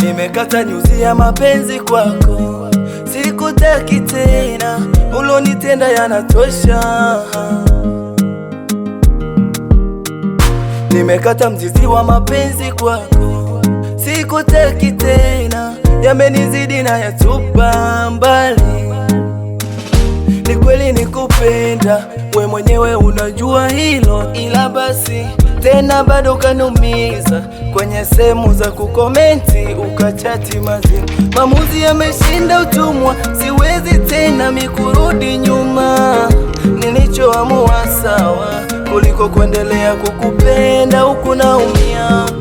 Nimekata nyuzi ya mapenzi kwako, sikutaki tena, ulonitenda yanatosha. Nimekata mzizi wa mapenzi kwako, sikutaki tena, yamenizidi na yatupa mbali. Ni kweli nikupenda, we mwenyewe unajua hilo, ila basi tena bado ukanumiza kwenye sehemu za kukomenti, ukachati mazima. Maamuzi yameshinda utumwa, siwezi tena mikurudi nyuma. Nilichoamua sawa kuliko kuendelea kukupenda huku naumia.